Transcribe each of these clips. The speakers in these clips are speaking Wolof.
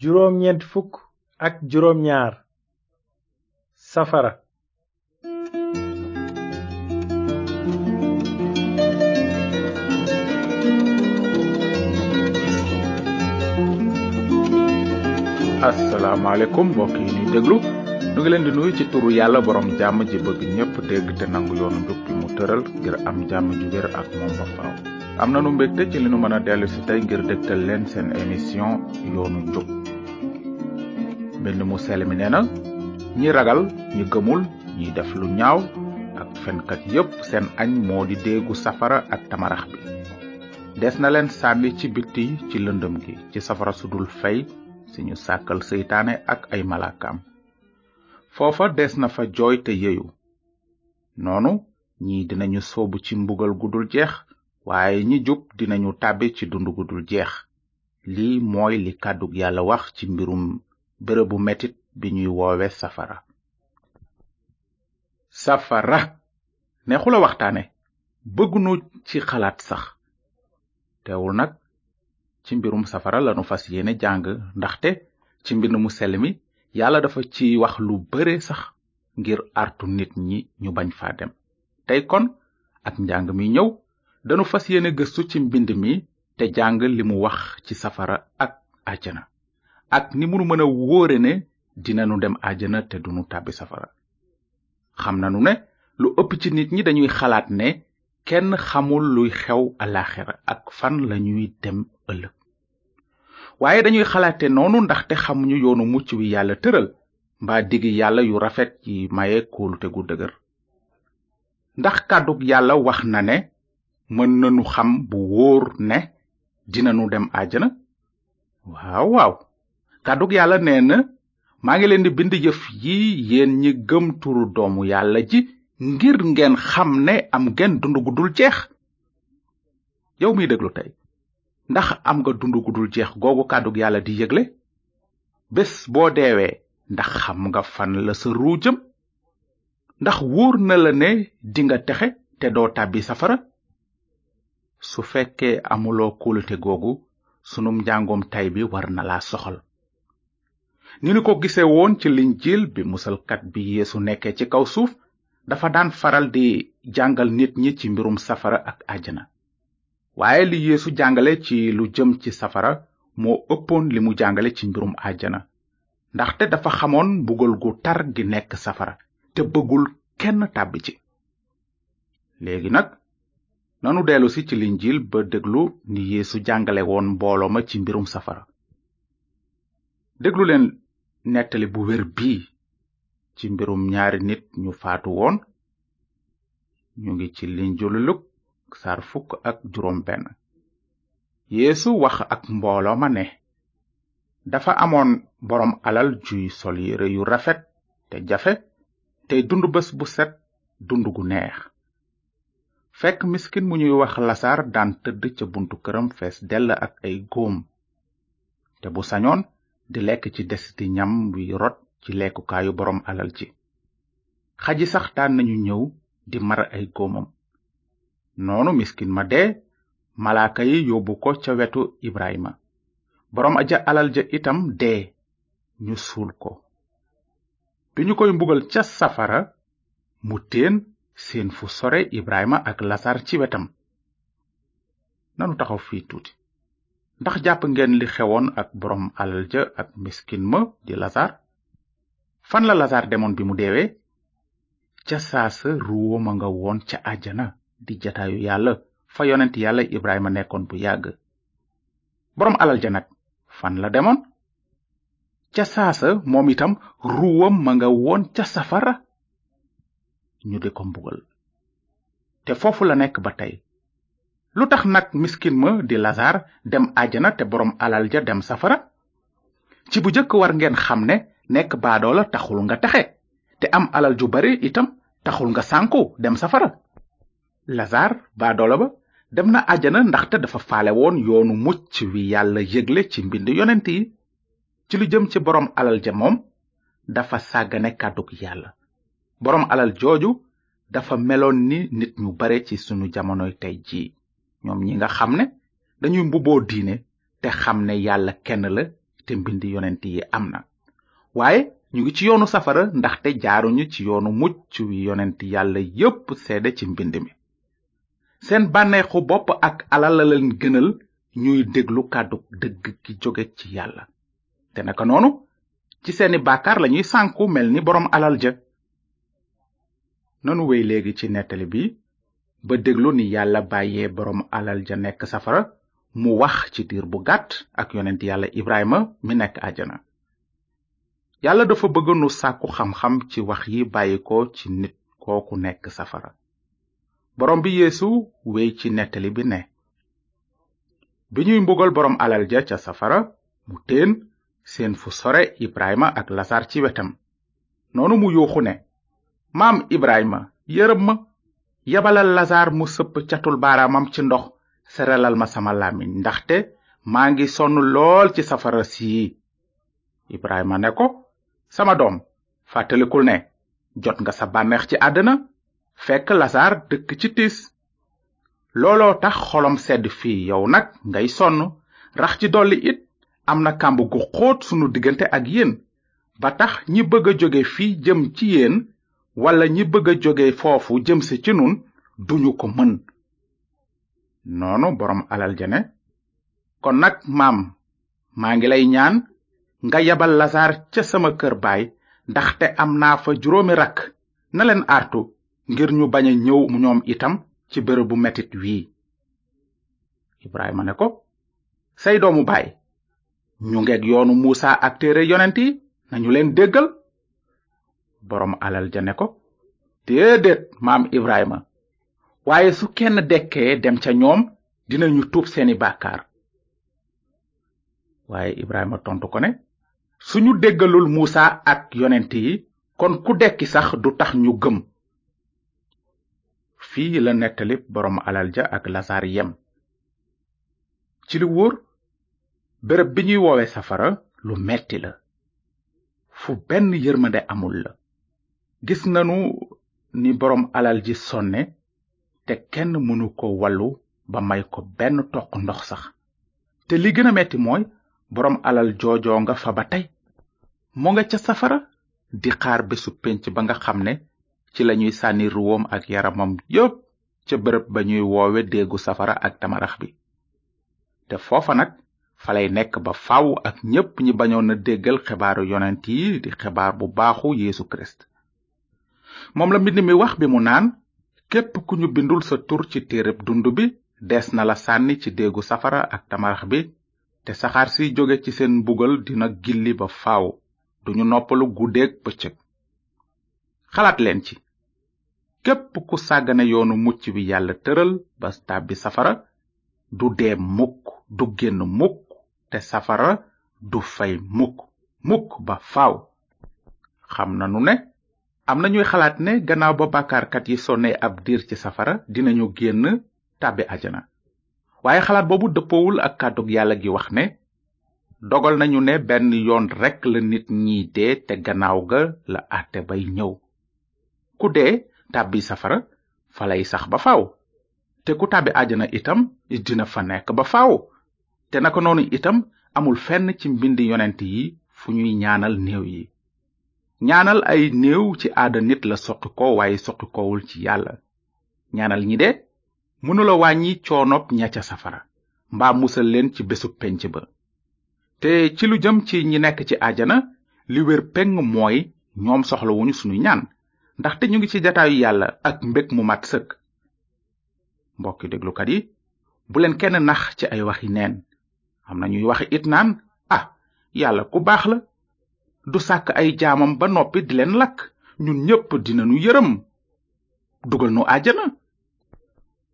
juróom ñeent fukk ak juróom safara asalaamaaleykum mbokk yi ñuy déglu nu ngi leen di nuyu ci turu yàlla borom jàmm ji bëgg ñépp dégg te nangu yoonu njub bi mu tëral ngir am jàmm ju wér ak moom ba faaw am nanu mbégte ci li nu mën a dellu si tey ngir dégtal leen seen émission yoonu njub mbind mu sell mi nee na ñi ragal ñi gëmul ñi def lu ñaaw ak fenkat yépp seen añ moo di déegu safara ak tamarax bi des na leen sànni ci biti ci lëndëm gi ci safara sudul fey si ñu sàkkal seytaane ak ay malaakaam foofa des na fa jooy te yeyu noonu ñii dinañu soobu ci mbugal gudul jeex waaye ñi jub dinañu tàbbi ci dund gudul jeex lii mooy li kàddug yàlla wax ci mbirum bërëbu metit bi ñuy woowe safara safara neexula waxtaane bëggunu ci xalaat sax teewul nag ci mbirum safara lanu fas yéene jàng ndaxte ci mbind mu sel mi yàlla dafa ci wax lu bare sax ngir àrtu nit ñi ñu bañ fa dem tey kon ak njàng mi ñëw danu fas yéene gëstu ci mbind mi te jàng li mu wax ci safara ak àjjana ak ni munu mën wóore ne dinanu dem àjjana te dunu tàbbi safara xam nanu ne lu ëpp ci nit ñi dañuy xalaat ne kenn xamul luy xew alaxira ak fan lañuy dem ëllëg waaye dañuy xalaate noonu ndaxte xamuñu yoonu mucc wi yàlla tëral mbaa digi yàlla yu rafet yi maye kóolute gu dëgër ndax kàddug yàlla wax na ne mën na nanu xam bu wóor ne dinanu dem àjjana waaw waaw kàddug yàlla nee na maa ngi leen di bind jëf yi yéen ñi gëm turu doomu yàlla ji ngir ngeen xam ne am ngeen dund gu dul jeex yow miy déglu tey ndax am nga dund gu dul jeex googu kàddug yàlla di yëgle bés boo deewee ndax xam nga fan la sa ruu ndax wóor na la ne dinga texe te doo tàbbi safara su fekkee amuloo kóolute googu sunum njàngoom tay bi war na laa soxal ni ñu ko gise woon ci linjiil bi musalkat bi yéesu nekkee ci kaw suuf dafa daan faral di jàngal nit ñi ci mbirum safara ak àjjana waaye li yéesu jàngale ci lu jëm ci safara moo ëppoon li mu jàngale ci mbirum àjjana ndaxte dafa xamoon mbugal gu tar gi nekk safara te bëggul kenn tàbbi ci léegi nag nanu dellusi ci linjiil ba déglu ni yeesu jàngale mbooloo ma ci mbirum safara déglu leen nettali bu wér bii ci mbirum ñaari nit ñu faatu woon ñu ngi ci linjulu luk saar fukk ak juróom benn yeesu wax ak mbooloo ma ne dafa amoon boroom alal juy sol yére yu rafet te jafe tey dund bés bu set dund gu neex fekk miskin mu ñuy wax lasaar daan tëdd ca buntu këram dell ak ay góom te bu sañoon di lekk ci des desiti ñam wi rot ci lekkukaayu borom alal ci xaji sax daan nañu ñëw di mar ay góomam noonu miskin ma de malaaka yi yóbbu ko ca wetu ibrahima boroom aja alal ja itam dee ñu suul ko bi ñu koy mbugal ca safara mu téen seen fu sore ibrahima ak lasar ci wetam nanu taxaw fii tuuti ndax jàpp ngeen li xewoon ak boroom alal ja ak miskin ma di lazar fan la lazar demoon bi mu deewee ca saasa ruwama nga woon ca àjjana di jatayu yàlla fa yonent yàlla ibrahima nekkoon bu yàgg boroom alal ja nag fan la demoon ca saasa moom itam ruwam ma woon ca safara ñu di ko te foofu la nekk ba tey lu tax nag miskin ma di lazar dem ajana te boroom alal ja dem safara ci bu jëkk war ngeen xam ne nekk baadoola taxul nga taxe te am alal ju bari itam taxul nga sànku dem safara lazar baadoola ba dem na ajana ndaxte dafa faale woon yoonu mucc wi yàlla yëgle ci mbind yonent yi ci lu jëm ci boroom alal ja moom dafa sàggane kàddug yàlla boroom alal jooju dafa meloon ni nit ñu bare ci sunu jamonoy tey jii ñoom ñi nga xam ne dañuy mbubboo diine te xam ne yàlla kenn la te mbind yonent yi am na waaye ñu ngi ci yoonu safara ndaxte jaaruñu ci yoonu mucc wi yonent yàlla yépp seede ci mbind mi seen bànneexu bopp ak alal la leen gënal ñuy déglu kàddu dëgg gi jóge ci yàlla te naka noonu ci seeni bàkkaar lañuy sànku mel ni boroom alal ja nanu wéy léegi ci nettali bi ba déglu ni yàlla bàyyee boroom alal ja nekk safara mu wax ci diir bu gàtt ak yonent yàlla ibrahima mi nekk àjjana yàlla dafa bëgg nu sàkku xam-xam ci wax yi bàyyi ko ci nit kooku nekk safara boroom bi yéesu wéy ci nettali bi ne bi ñuy mbugal boroom alal ja ca safara mu téen seen fu sore ibrahima ak lasar ci wetam noonu mu yuuxu maam ibrahima yërëm ma yabalal lasaar mu sëpp catul baaraamam ci ndox seralal ma sama làmmiñ ndaxte maa ngi sonn lool ci safara sii ibrahima ne ko sama doom fàttalikul ne jot nga sa bànneex ci àddina fekk lasaar dëkk ci tiis looloo tax xolom sedd fii yow nag ngay sonn rax ci dolli it am na kàmb gu xóot sunu diggante ak yéen ba tax ñi bëgg a jóge fii jëm ci yéen wala ñi bëgg jóge foofu jëm si ci nun duñu ko mën noonu boroom alal ja ne kon nag maam maa ngi lay ñaan nga yabal lasaar ca sama kër baay ndaxte am naa fa juróomi rakk na leen artu ngir ñu bañ a ñëw ñoom itam ci bërëbu metit wii ibrahima ne ko say doomu baay ñu ngeeg yoonu muusa ak tere yonent yi nañu leen déggal boroom alal ja ne ko déedéet maam ibrahima waaye su kenn dekkee dem ca ñoom dinañu tuub seeni bàkkaar waaye ibrahima tontu ko ne suñu déggalul muusa ak yonent yi kon ku dekki sax du tax ñu gëm fii la nettali boroom alal ja ak lasaar yem ci lu wóor bërëb bi ñuy woowe safara lu metti la fu benn yërmande amul la gis nanu ni boroom alal ji sonne te kenn mënu ko wallu ba may ko benn toq ndox sax te li gën a metti mooy boroom alal joojoo nga fa ba tey mu nga ca safara di xaar bésu pénc ba nga xam ne ci lañuy sànni ruwoom ak yaramam yépp ca bërëb ba ñuy woowe déggu safara ak tamarax bi te foofa nag falay nekk ba faw ak ñépp ñi bañoon a déggal xibaaru yonent yi di xibaar bu baaxu yéesu kirist moom la mbind mi wax bi mu naan képp ku ñu bindul sa tur ci téereb dund bi des na la sànni ci déegu safara ak tamarax bi te saxaar si jóge ci seen mbugal dina gilli ba faaw duñu noppalu guddeeg bëccëg xalaat leen ci képp ku sàggane yoonu mucc bi yàlla tëral ba tàbbi safara du dee mukk du génn mukk te safara du fay mukk mukk ba faw xam nanu ne am na ñuy xalaat ne gannaaw ba bàkkaarkat yi sonne ab diir ci safara dinañu génn tàbbi ajana waaye xalaat boobu dëppowul ak kàddug yàlla gi wax ne dogal nañu ne benn yoon rekk la nit ñiy dee te gannaaw ga la àtte bay ñëw ku dee tàbbi safara falay sax ba faaw te ku tàbbi àjjana itam dina fa nekk ba faw te naka noonu itam amul fenn ci mbind yonent yi fu ñuy ñaanal néew yi ñaanal ay néew ci aada nit la soqi ko waaye soqi ci yàlla ñaanal ñi de mënula wàññi coonob ña ca safara mbaa musal leen ci bésu penc ba te ci lu jëm ci ñi nekk ci ajana li wér peng mooy ñoom soxlawuñu suñu ñaan ndaxte ñu ngi ci jataayu yàlla ak mbég mu mat sëkk mbokki déglukat yi bu leen kenn nax ci ay waxi neen am na ñuy wax it naan ah yàlla ku baax la du sàkk ay jaamam ba noppi di leen lakk ñun ñépp dinanu yërëm dugal nu àjjana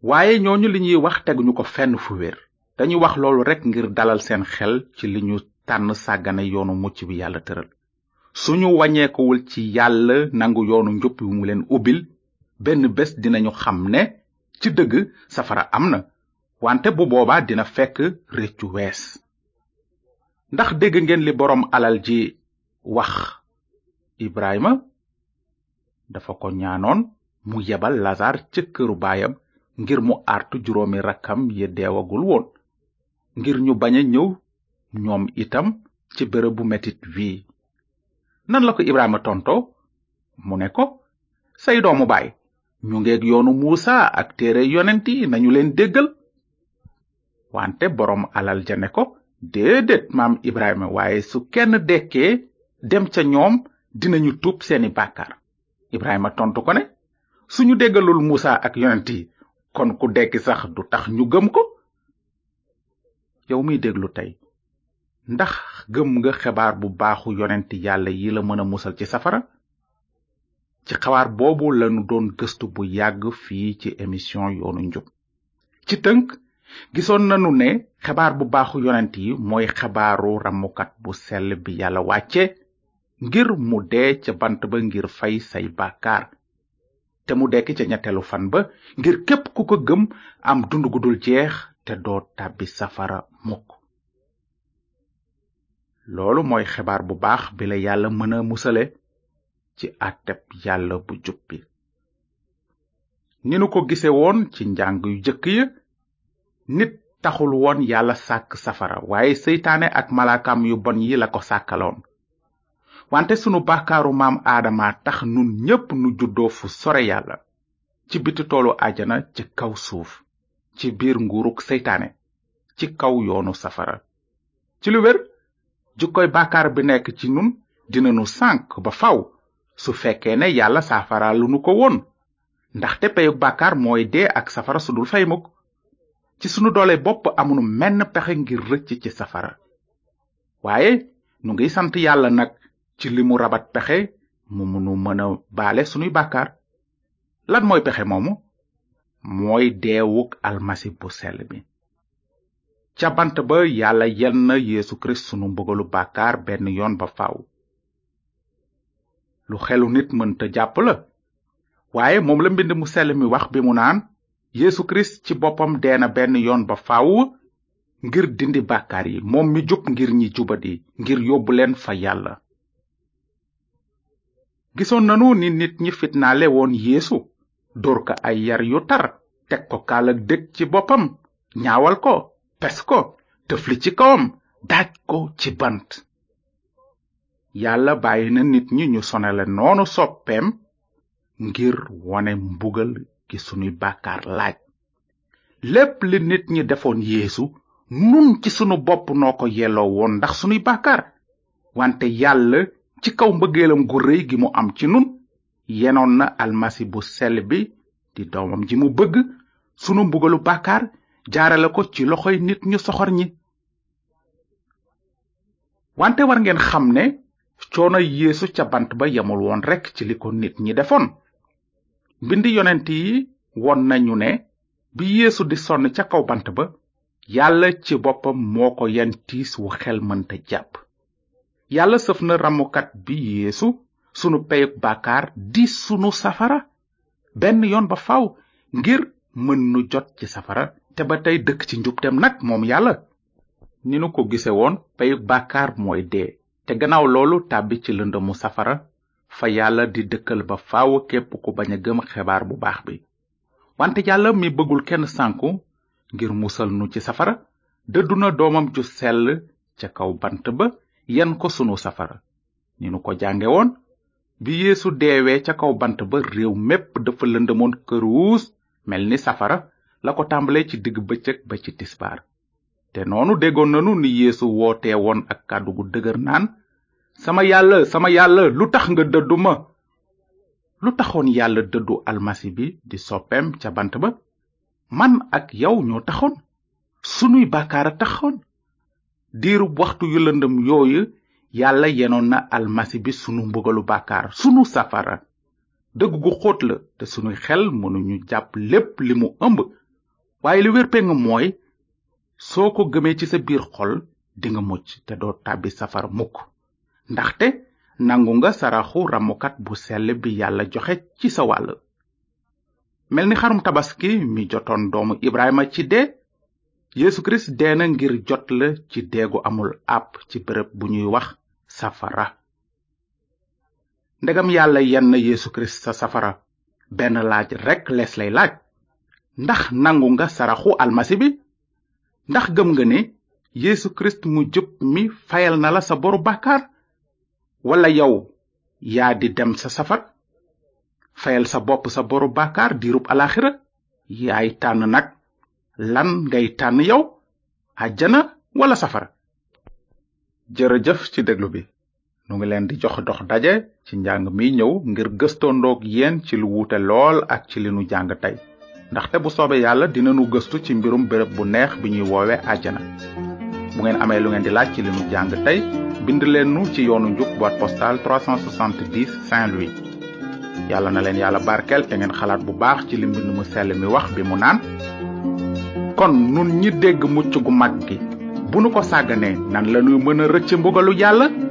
waaye ñooñu li ñuy wax teguñu ko fenn fu wér dañuy wax loolu rekk ngir dalal seen xel ci li ñu tànn sàggane yoonu mucc bi yàlla tëral suñu wàññeekuwul ci yàlla nangu yoonu njub leen ubbil benn bés dinañu xam ne ci dëgg safara am na wante bu boobaa dina fekk réccu wees ndax dégg ngeen li boroom alal ji wax Ibrahima dafa ko ñaanoon mu yebal Lazar ca këru baayam ngir mu artu juróomi rakkam ya deewagul woon ngir ñu bañ a ñëw ñoom itam ci bërëbu metit wii nan la ko Ibrahima tontoo mu ne ko say doomu baay ñu ngeeg yoonu Muusa ak téere yonent nañu leen déggal wante boroom alal ja ne ko déedéet maam Ibrahima waaye su kenn dekkee dem ca ñoom dinañu tuub seeni bàkkaar Ibrahima tontu ko ne suñu déggalul Musa ak yonent yi kon ku dekki sax du tax ñu gëm ko yow mi déglu tey ndax gëm nga xebaar bu baaxu yonent yàlla yi la mën a musal ci safara ci xabaar boobu lanu doon gëstu bu yàgg fii ci émission yoonu njub ci tënk gisoon nanu ne xebaar bu baaxu yonent yi mooy xebaaru ramukat bu sell bi yàlla wàcce ngir mu dee ca bant ba ngir fay say bàkkaar te mu dekki ca ñetteelu fan ba ngir képp ku ko gëm am dund gu dul jeex te doo tàbbi safara mukk loolu mooy xibaar bu baax bi la yàlla mën a musale ci àtteb yàlla bu jub ni nu ko gise woon ci njàng yu jëkk ya nit taxul woon yàlla sàkk safara waaye seytaane ak malaakam yu bon yi la ko sàkkaloon wante sunu bàkkaaru maam aadama tax nun ñépp nu juddoo fu sore yàlla ci biti toolu ajana ci kaw suuf ci biir nguuruk seytaane ci kaw yoonu safara ci lu wér jukkoy bàkkaar bi nekk ci nun dinanu sànk ba faw su fekkee ne yàlla saafara lu nu ko woon ndaxte peyug bàkkaar mooy dee ak safara su dul fey mukk ci sunu doole bopp amunu menn pexe ngir rëcc ci safara waaye nu ngiy sant yàlla nag ci li mu rabat pexe mu munu mëna a baale sunuy bàkkaar lan mooy pexe moomu mooy deewuk almasi bu sell bi ca bant ba yàlla yal na yeesu kirist sunu mbugalu bàkkaar benn yoon ba faaw lu xelu nit mënta jàpp la waaye moom la mbind mu sell mi wax bi mu naan yeesu kirist ci boppam deena benn yoon ba faw ngir dindi bàkkaar yi moom mi jub ngir ñi jubadi ngir yóbbu leen fa yàlla gisoon nanu ni nit ñi fitnaale woon yeesu dóor ko ay yar yu tar teg ko kaalag dëkk ci boppam ñaawal ko pes ko tëfli ci kawam daaj ko ci bant yàlla bàyyi na nit ñi ñu sonale noonu soppeem ngir wone mbugal gi sunuy bàkkaar laaj lépp li nit ñi defoon yéesu nun ci sunu bopp noo ko yelloo woon ndax sunuy bàkkaar wante yàlla ci kaw mbëggeelam gu rëy gi mu am ci nun yenoon na almasi bu sell bi di doomam ji mu bëgg sunu mbugalu bàkkaar jaarale ko ci loxoy nit ñu soxar ñi wante war ngeen xam ne coono yéesu ca bant ba yemul woon rekk ci li ko nit ñi defoon mbind yonent yi won nañu ne bi yéesu di sonn ca kaw bant ba yàlla ci boppam moo ko yan tiis wu xel mënta jàpp yàlla sëf na ramukat bi yeesu sunu peyug bàkkaar di sunu safara benn yoon ba faw ngir mën nu jot ci safara te ba tey dëkk ci njubteem nag moom yàlla ni nu ko gise woon peyug bàkkaar mooy dee te gannaaw loolu tàbbi ci lëndëmu safara fa yàlla di dëkkal ba faaw képp ku bañ a gëm xibaar bu baax bi wante yàlla mi bëggul kenn sànku ngir musal nu ci safara dëddu na doomam ju sell ca kaw bant ba yan ko sunu safara ni nu ko jànge woon bi yéesu deewee ca kaw bant ba réew mépp dafa lëndëmoon këruus mel ni safara la ko tàmbalee ci digg bëccëg ba ci tisbaar te noonu déggoon nanu ni yéesu wootee woon ak kàddugu dëgër naan sama yàlla sama yàlla lu tax nga dëddu ma lu taxoon yàlla dëddu almasi bi di soppeem ca bant ba man ak yow ñoo taxoon sunuy bàkkaar a taxoon diirub waxtu yu lëndëm yooyu yàlla yenoon na almasi bi sunu mbugalu bàkkaar sunu safara dëgg gu xóot la te sunuy xel ñu jàpp lépp li mu ëmb waaye li wér peng mooy soo ko gëmee ci sa biir xol dinga mucc te doo tàbbi safara mukk ndaxte nangu nga saraxu ramukat bu sell bi yàlla joxe ci sa wàll mel ni xarum tabaski mi jotoon doomu ibrahima ci de Yesu Kirist dee ngir jot la ci deegu amul àpp ci bërëb bu ñuy wax safara ndegam yàlla yenn na Yesu sa safara benn laaj rekk lees lay laaj ndax nangu nga saraxu almasi bi ndax gëm nga ni Yesu Kirist mu jub mi fayal na la sa boru bàkkaar walla yow yaa di dem sa safar fayal sa bopp sa boru bàkkaar diirub alaxira yaay tànn nag lan ngay tànn yow àjjana walla safara jërëjëf ci déglu bi nu ngi leen di jox dox daje ci njàng mi ñëw ngir ndoog yéen ci lu wuute lool ak ci li nu jàng tey ndaxte bu soobee yàlla dina nu gëstu ci mbirum béréb bu neex bi ñuy woowe àjjana bu ngeen amee lu ngeen di laaj ci li nu jàng tey bind leen nu ci yoonu njub boîte postale 370 saint yàlla na leen yàlla barkeel te ngeen xalaat bu baax ci li mbind mu sell mi wax bi mu naan kon nun ñi dégg mucc gu mag gi bu nu ko sàgganee nan lañuy mën a rëcc mbugalu yàlla